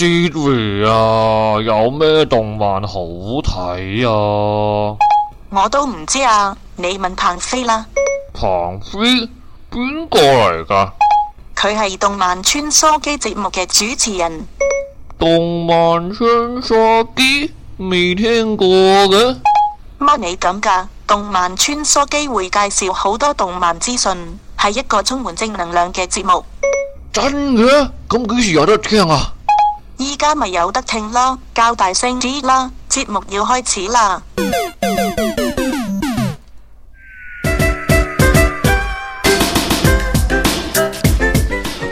Jerry 啊，有咩動漫好睇啊？我都唔知啊，你問彭飛啦。彭飛邊個嚟噶？佢係動漫穿梭機節目嘅主持人。動漫穿梭機？未聽過嘅？乜你咁噶？動漫穿梭機會介紹好多動漫資訊，係一個充滿正能量嘅節目。真嘅？咁幾時有得聽啊？依家咪有得聽咯，較大聲啲啦！節目要開始啦！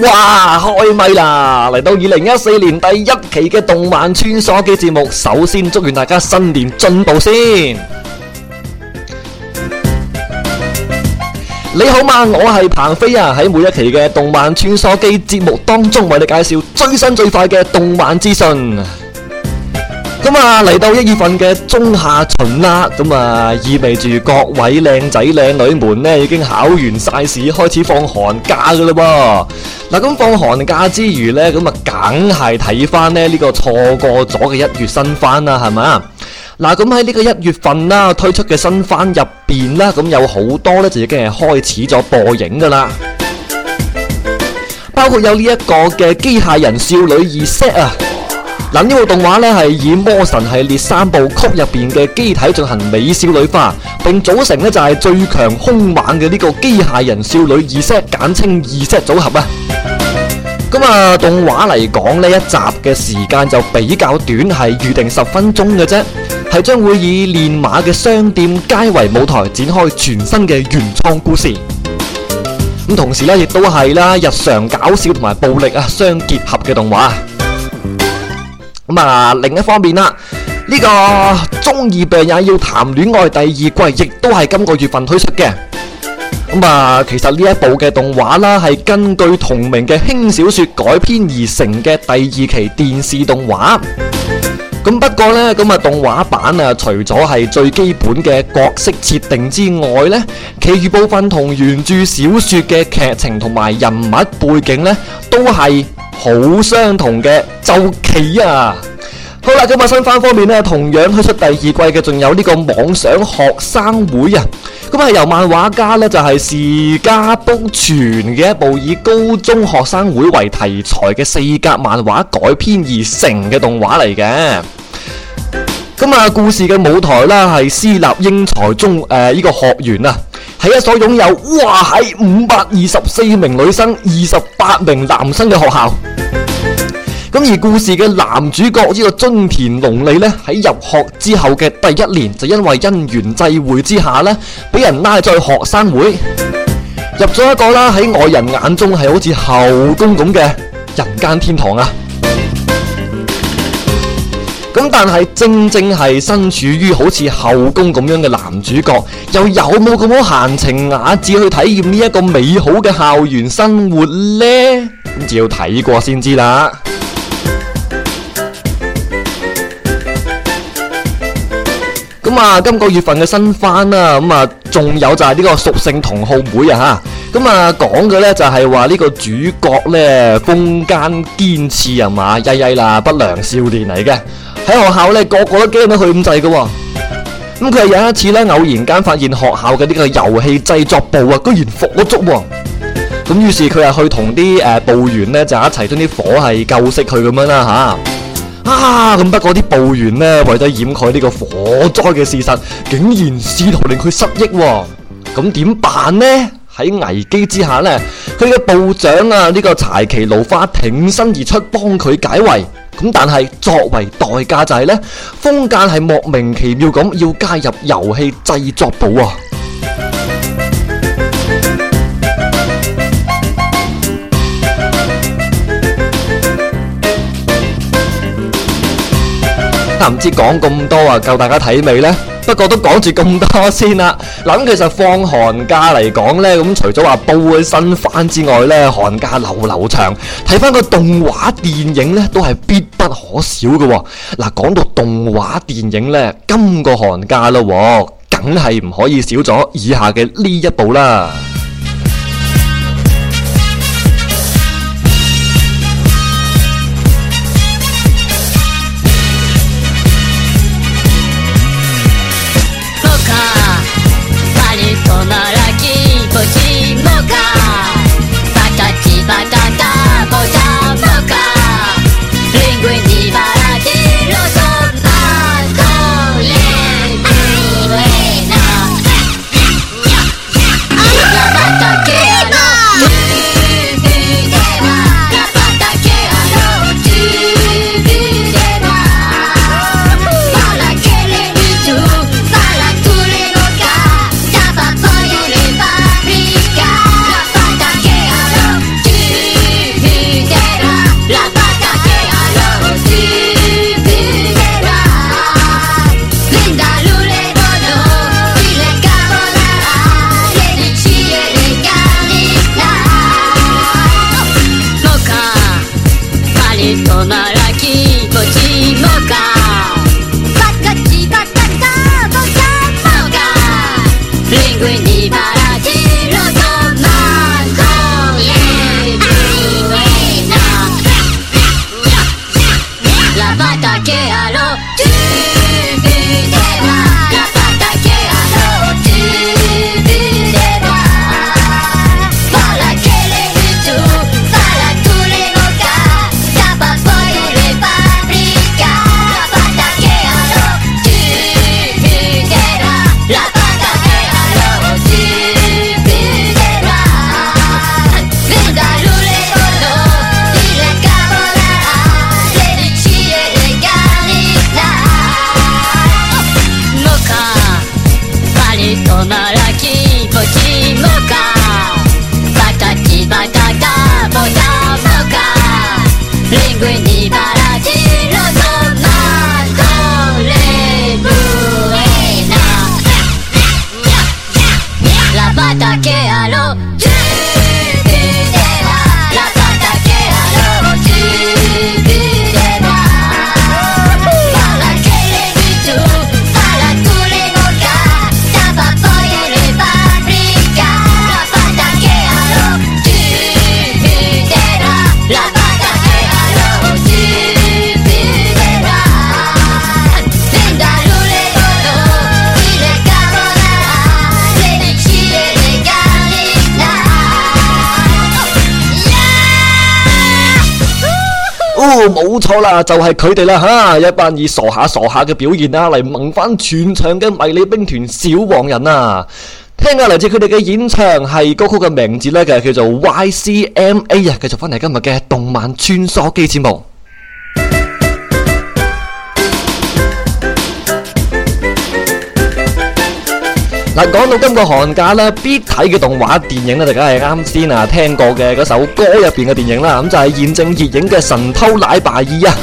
哇，開咪啦！嚟到二零一四年第一期嘅動漫穿梭機節目，首先祝願大家新年進步先。你好嗎，我係彭飛啊，喺每一期嘅動漫穿梭機節目當中，為你介紹最新最快嘅動漫資訊。咁啊，嚟到一月份嘅中下旬啦，咁啊意味住各位靚仔靚女們呢已經考完晒試，開始放寒假噶啦噃。嗱，咁放寒假之餘呢，咁啊梗係睇翻呢呢個錯過咗嘅一月新番啦，係咪？嗱，咁喺呢個一月份啦，推出嘅新番入邊啦，咁有好多咧就已經係開始咗播映噶啦，包括有呢一個嘅機械人少女 Z 啊，嗱呢部動畫咧係以魔神系列三部曲入邊嘅機體進行美少女化，並組成咧就係最強凶猛嘅呢個機械人少女 Z，簡稱 Z 組合啊。咁啊，動畫嚟講呢一集嘅時間就比較短，係預定十分鐘嘅啫。係將會以練馬嘅商店街為舞台，展開全新嘅原創故事。咁同時咧，亦都係啦，日常搞笑同埋暴力啊相結合嘅動畫。咁啊，另一方面啦、這個，呢個中二病也要談戀愛第二季，亦都係今個月份推出嘅。咁啊，其實呢一部嘅動畫啦，係根據同名嘅輕小說改編而成嘅第二期電視動畫。咁不過咧，咁啊，動畫版啊，除咗係最基本嘅角色設定之外呢，其餘部分同原著小說嘅劇情同埋人物背景咧，都係好相同嘅。就奇啊！好啦，咁啊新番方面咧，同樣推出第二季嘅，仲有呢個《妄想學生會》啊。咁啊由漫畫家呢就係時家卜全嘅一部以高中學生會為題材嘅四格漫畫改編而成嘅動畫嚟嘅。咁啊！故事嘅舞台啦，係私立英才中誒呢、呃這個學園啊，係一所擁有哇係五百二十四名女生、二十八名男生嘅學校。咁而故事嘅男主角呢個津田隆利咧，喺入學之後嘅第一年就因為因緣際會之下咧，俾人拉咗去學生會，入咗一個啦，喺外人眼中係好似後宮咁嘅人間天堂啊！咁但係正正係身處於好似後宮咁樣嘅男主角，又有冇咁好閒情雅致去體驗呢一個美好嘅校園生活呢？咁就要睇過先知啦。咁、嗯、啊，今個月份嘅新番啦，咁、嗯、啊，仲有就係呢個《屬性同好妹》啊、嗯，吓咁啊，講嘅呢就係話呢個主角呢，風間堅次啊嘛，曳曳啦，不良少年嚟嘅。喺學校咧，個個都驚咁佢去咁滯噶。咁佢係有一次咧，偶然間發現學校嘅呢個遊戲製作部啊，居然火咗燭。咁於是佢係去同啲誒部員咧就一齊將啲火係救熄佢咁樣啦。吓啊！咁、啊、不過啲部員咧為咗掩蓋呢個火災嘅事實，竟然試圖令佢失憶、哦。咁點辦呢？喺危機之下咧，佢嘅部長啊、呢、這個柴崎露花挺身而出幫佢解圍。咁但係作為代價就係呢，封間係莫名其妙咁要加入遊戲製作部啊！嚇，唔知講咁多啊，夠大家睇未呢？不過都講住咁多先啦。嗱，咁其實放寒假嚟講呢，咁除咗話煲新番之外呢，寒假流流長，睇翻個動畫電影呢都係必不可少嘅。嗱，講到動畫電影呢，今個寒假啦，梗係唔可以少咗以下嘅呢一部啦。哦，冇錯啦，就係佢哋啦吓，一班以傻下傻下嘅表現啊嚟萌翻全場嘅迷你兵團小黃人啊！聽下嚟自佢哋嘅演唱係歌曲嘅名字呢，就係叫做 YCMA 啊！繼續翻嚟今日嘅動漫穿梭機節目。嗱，講到今個寒假咧，必睇嘅動畫電影咧，大家係啱先啊聽過嘅嗰首歌入邊嘅電影啦，咁就係、是、現正熱影嘅《神偷奶爸二》啊！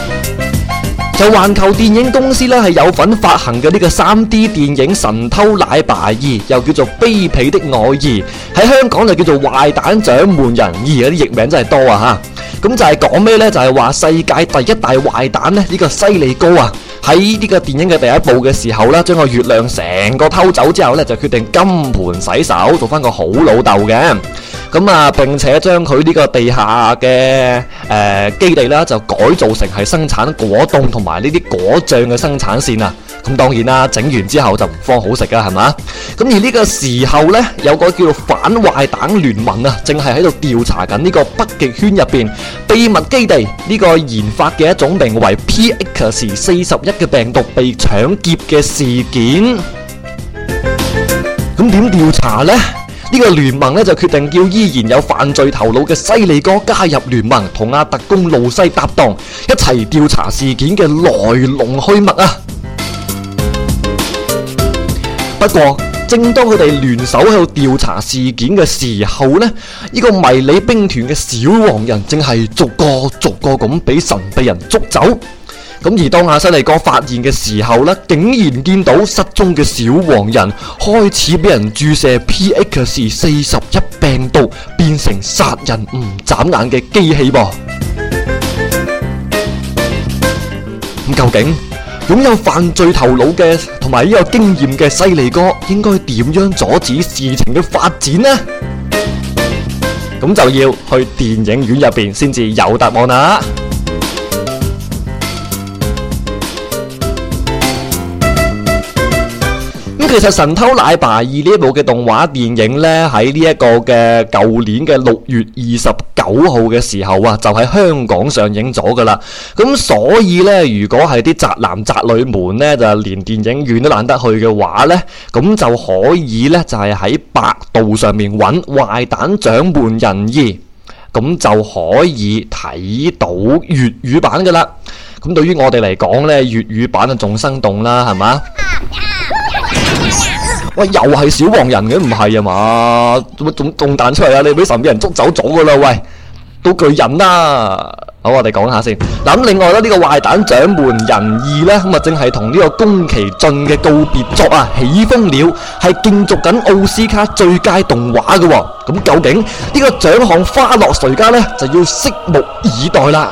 就環球電影公司啦係有份發行嘅呢個三 D 電影《神偷奶爸二》，又叫做《卑鄙的我二》，喺香港就叫做《壞蛋掌門人二》啊！啲譯名真係多啊吓！咁就係講咩呢？就係、是、話世界第一大壞蛋呢，呢、呢個犀利哥啊！喺呢個電影嘅第一部嘅時候呢，將個月亮成個偷走之後呢，就決定金盆洗手，做翻個好老豆嘅。咁啊，並且將佢呢個地下嘅誒基地啦,就改造成係生產果凍同埋呢啲果醬嘅生產線啊！咁當然啦，整完之後就唔方好食噶，係嘛？咁而呢個時候呢，有個叫做反壞蛋聯盟啊，正係喺度調查緊呢個北極圈入邊秘密基地呢個研發嘅一種名為 PX41 嘅病毒被搶劫嘅事件。咁點調查呢？呢個聯盟就決定叫依然有犯罪頭腦嘅犀利哥加入聯盟，同阿特工路西搭檔，一齊調查事件嘅來龍去脈啊！不過，正當佢哋聯手喺度調查事件嘅時候呢，呢個迷你兵團嘅小黃人正係逐個逐個咁俾神秘人捉走。咁而當阿犀利哥發現嘅時候咧，竟然見到失蹤嘅小黃人開始俾人注射 P X 四十一病毒，變成殺人唔眨眼嘅機器噃。咁 究竟擁有犯罪頭腦嘅同埋呢有經驗嘅犀利哥，應該點樣阻止事情嘅發展呢？咁就要去電影院入邊先至有答案啦。其實《神偷奶爸二》呢一部嘅動畫電影呢，喺呢一個嘅舊年嘅六月二十九號嘅時候啊，就喺香港上映咗噶啦。咁所以呢，如果係啲宅男宅女們呢，就連電影院都懶得去嘅話呢，咁就可以呢，就係喺百度上面搵《壞蛋掌門人二》，咁就可以睇到粵語版噶啦。咁對於我哋嚟講呢，粵語版啊仲生動啦，係嘛？喂，又係小黃人嘅唔係啊嘛？做乜仲仲彈出嚟啊？你俾神秘人捉走咗噶啦喂！都巨人啦，好，我哋講下先。咁另外咧，呢個壞蛋掌門人二咧，咁啊正係同呢個宮崎駿嘅告別作啊《起風了》，係競逐緊奧斯卡最佳動畫噶。咁究竟呢個獎項花落誰家咧，就要拭目以待啦。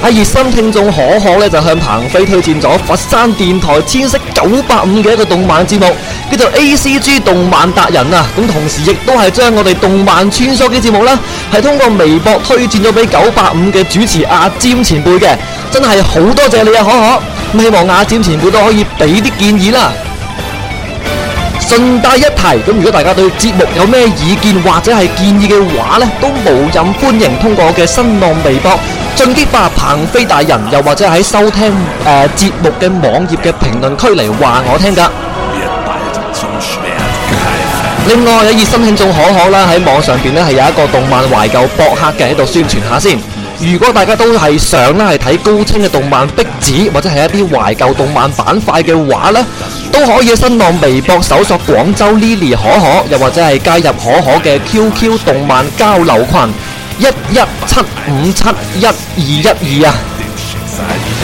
阿熱心聽眾可可咧就向彭飛推薦咗佛山電台千色九百五嘅一個動漫節目，叫做 A C G 動漫達人啊！咁同時亦都係將我哋動漫穿梭嘅節目啦，係通過微博推薦咗俾九百五嘅主持阿占前輩嘅，真係好多謝你啊可可！咁希望阿占前輩都可以俾啲建議啦。順帶一提，咁如果大家對節目有咩意見或者係建議嘅話呢，都無任歡迎通過我嘅新浪微博。進擊吧鵬飛大人，又或者喺收聽誒、呃、節目嘅網頁嘅評論區嚟話我聽噶。另外有熱心聽眾可可啦，喺網上邊咧係有一個動漫懷舊博客嘅喺度宣傳下先。如果大家都係想咧係睇高清嘅動漫壁紙，或者係一啲懷舊動漫版塊嘅話咧，都可以新浪微博搜索廣州 Lily 可可，又或者係加入可可嘅 QQ 動漫交流群。一一七五七一二一二啊！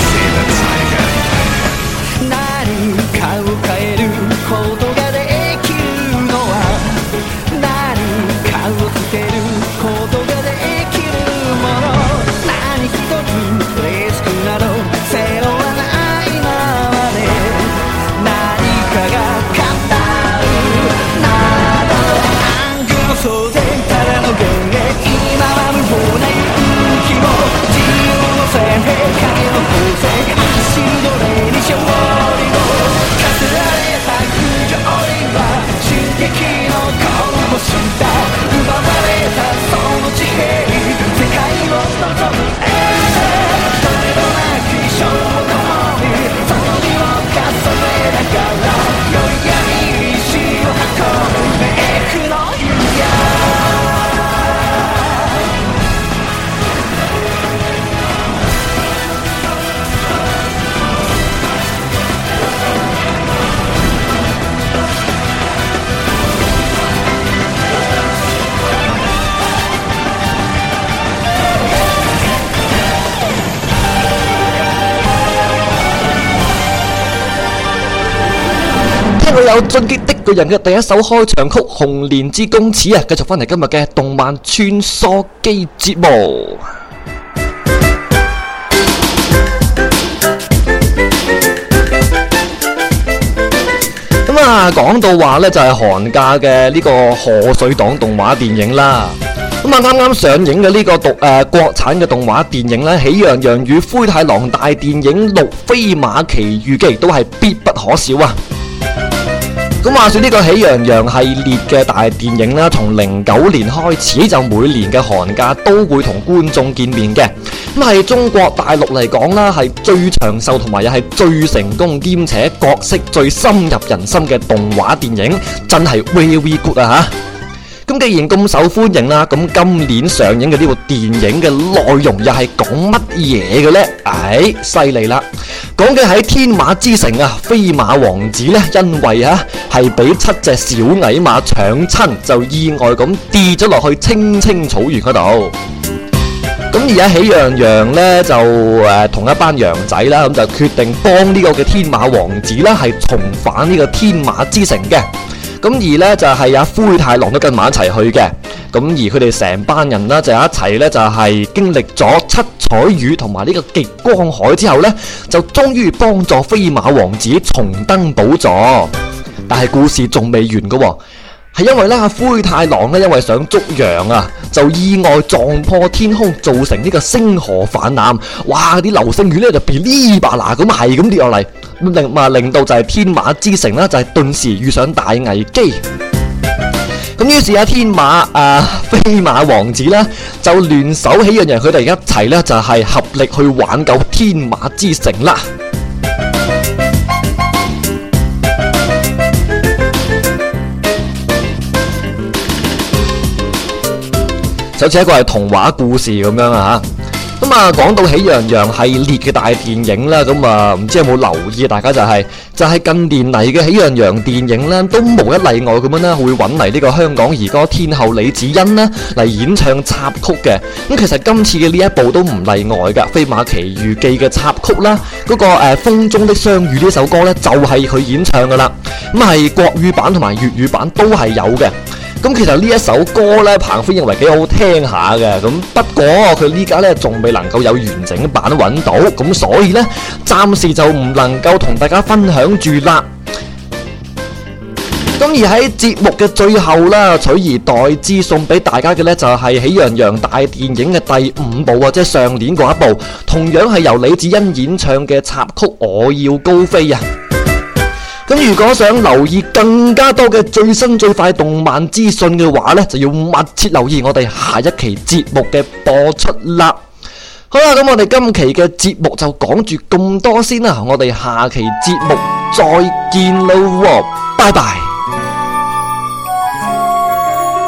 有進擊的巨人嘅第一首開場曲《紅蓮之弓矢》啊，繼續返嚟今日嘅動漫穿梭機節目。咁啊，講到話呢，就係寒假嘅呢個賀歲檔動畫電影啦。咁啊，啱啱上映嘅呢個獨誒國產嘅動畫電影呢，《喜羊羊與灰太狼大電影六飛馬奇遇記》都係必不可少啊！咁話説呢個喜羊羊系列嘅大電影啦，從零九年開始就每年嘅寒假都會同觀眾見面嘅。咁係中國大陸嚟講啦，係最長壽同埋又係最成功兼且角色最深入人心嘅動畫電影，真係 very, very good 啊嚇！咁既然咁受歡迎啦，咁今年上映嘅呢部電影嘅內容又係講乜嘢嘅呢？唉，犀利啦！講嘅喺天馬之城啊，飛馬王子呢，因為啊係俾七隻小矮馬搶親，就意外咁跌咗落去青青草原嗰度。咁而家喜羊羊呢，就誒同一班羊仔啦，咁就決定幫呢個嘅天馬王子啦，係重返呢個天馬之城嘅。咁而呢，就係阿灰太狼都跟埋一齊去嘅，咁而佢哋成班人呢，就一齊呢就係經歷咗七彩雨同埋呢個極光海之後呢，就終於幫助飛馬王子重登寶座，但係故事仲未完㗎喎。係因為灰太狼咧，因為想捉羊啊，就意外撞破天空，造成呢個星河泛濫。哇！啲流星雨咧，就噼哩啪啦咁，係咁跌落嚟，令令到就係天馬之城啦，就係、是、頓時遇上大危機。咁於是啊，天馬啊、呃，飛馬王子啦，就聯手起人，人佢哋一齊咧，就係合力去挽救天馬之城啦。好似一個係童話故事咁樣啊嚇，咁啊講到《喜羊羊》系列嘅大電影啦，咁啊唔知有冇留意、啊？大家就係、是、就係、是、近年嚟嘅《喜羊羊》電影呢，都無一例外咁樣咧，會揾嚟呢個香港兒歌天后李子欣啦嚟演唱插曲嘅。咁、啊、其實今次嘅呢一部都唔例外嘅、那個啊，《飛馬奇遇記》嘅插曲啦，嗰個誒風中的相遇呢首歌呢，就係、是、佢演唱嘅啦。咁、啊、係國語版同埋粵語版都係有嘅。咁其實呢一首歌呢，彭飛認為幾好聽下嘅。咁不過佢呢家呢，仲未能夠有完整版揾到，咁所以呢，暫時就唔能夠同大家分享住啦。咁而喺節目嘅最後啦，取而代之送俾大家嘅呢，就係《喜羊羊大電影》嘅第五部或者上年嗰一部，同樣係由李子欣演唱嘅插曲《我要高飛》啊！咁如果想留意更加多嘅最新最快動漫資訊嘅話呢，就要密切留意我哋下一期節目嘅播出啦。好啦，咁我哋今期嘅節目就講住咁多先啦，我哋下期節目再見咯，拜拜。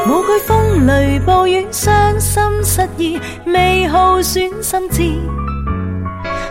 冇懼風雷暴雨，傷心失意，未好損心智。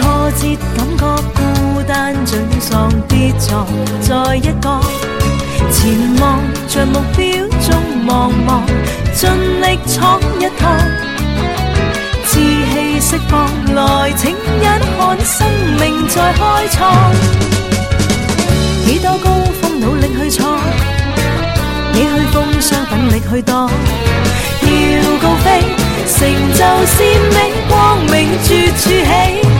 挫折感覺孤單，沮喪跌撞在一角，前望像目標中茫茫，盡力闖一趟，志氣釋放來，請欣賞生命再開創。幾多高峰努力去闖，幾許風霜等你去,等力去擋，要高飛，成就是美，光明絕處起。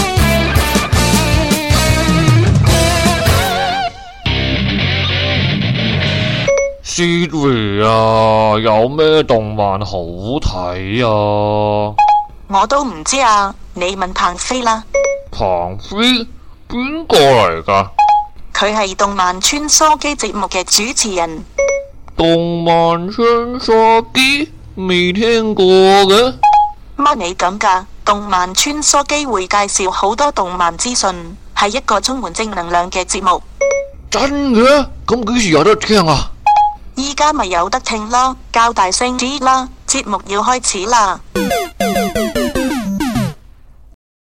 D V 啊，有咩動漫好睇啊？我都唔知啊，你問彭飛啦。彭飛邊個嚟㗎？佢係動漫穿梭機節目嘅主持人。動漫穿梭機未聽過嘅？乜你咁㗎？動漫穿梭機會介紹好多動漫資訊，係一個充滿正能量嘅節目。真嘅？咁幾時有得聽啊？依家咪有得聽咯，較大聲啲啦，節目要開始啦。